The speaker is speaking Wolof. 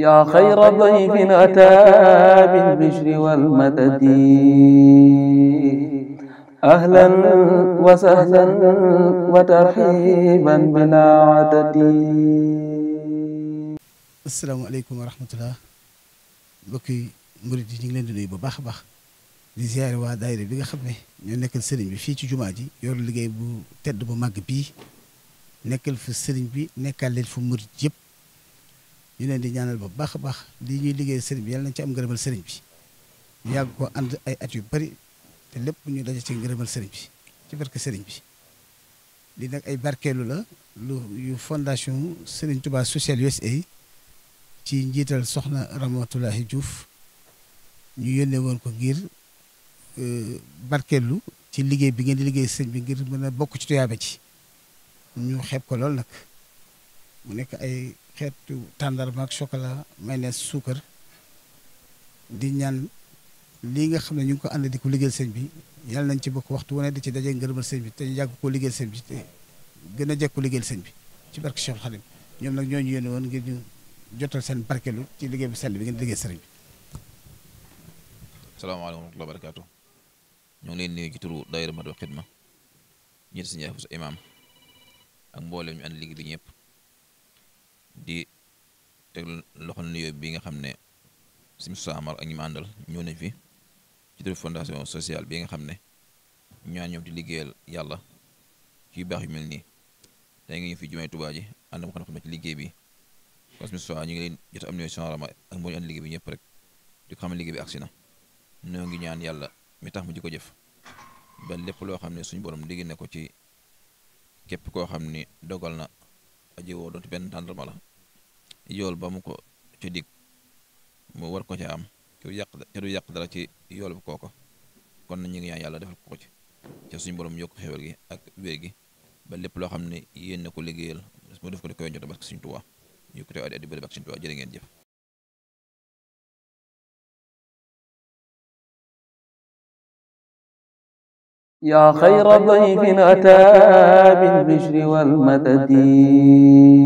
yaa xayra dayfin ataa bil bishri wal madadi wa sahlan wa tarxiiban bilaa adadi. asalaamaaleykum wa rahmatulah mbokk yi murit yi ñu ngi leen di nuyu bu baax a baax di ziare waa daayira bi xam ne ñoo nekkal sëriñ bi fii ci jumaa ji yor liggéey bu tedd bu màgg bii nekkal fa sëriñ bi nekkal leen fu murit yëpp. ñu leen di ñaanal bu baax a baax lii ñuy liggéey sëriñ bi yàlla nañ ci am ngërëmal sëriñ bi ñu yàgg ko ànd ay at yu bari te lépp ñu daje ci ngërëmal sëriñ bi ci barke sëriñ bi lii nag ay barkeelu la lu yu fondation sëriñ tubaa Social USA ci njiital soxna Ramatoulahi juuf ñu yónnee woon ko ngir euh, barkeelu ci liggéey bi ngeen di liggéey sëriñ bi ngir mën a bokk ci tuyaaba ci ñu xeeb ko lool nag mu nekk ay xeetu tàndarma ak chocolat may ne suukar di ñaan lii nga xam ne ñu ngi ko ànd di ko liggéeyal sëñ bi yàlla nañ ci bokk waxtu wane di ci dajee ngërëmal sëñ bi te ñu yàgg koo liggéeyal sëñ bi te gën a jekku liggéeyal sëñ bi ci barke Cheikh Khadim ñoom nag ñoo ñu yéene woon ngir ñu jotal seen barkelu ci liggéey bi sell bi ngeen liggéey sëriñ bi. salaamaaleykum wa rahmatulah barakaatu ñu ngi leen nuyu ci turu daayira Madou Xidma ñi si ñaar sa imaam ak mboolem ñu ànd liggéey bi ñëpp. teg loxo nuyoo bi nga xam ne si Moussa Amar ak ñi àndal ñëw nañ fi ci turu fondation sociale bii nga xam ne ñaan ñoom di liggéeyal yàlla ci baax yu mel nii tey nga ñu fi jumaay ji àndam xam ne ci liggéey bi kon si Moussa ñu ngi leen jot am nuyoo sonarama ak moo ñu ànd liggéey bi ñëpp rek di ko xam ne liggéey bi agsi na noo ngi ñaan yàlla mi tax mu di ko jëf ba lépp loo xam ne suñu borom dégg ne ko ci képp koo xam ni dogal na aji woo doon benn tàndarma la yool ba mu ko ci dig mu war ko ca am ci yàq ca du yàq dara ci yool bu kooko kon na ñu ngi ñaan yàlla ko ci ca suñu borom yokk xewal gi ak wér gi ba lépp loo xam ne yéen na ko liggéeyal mu def ko di koy jot parce que suñu Tuubaa ñu ko te addi addi bëri bak suñu Tuubaa jërë ngeen jëf yaa xayra dayfin ataa bil bishri wal madadi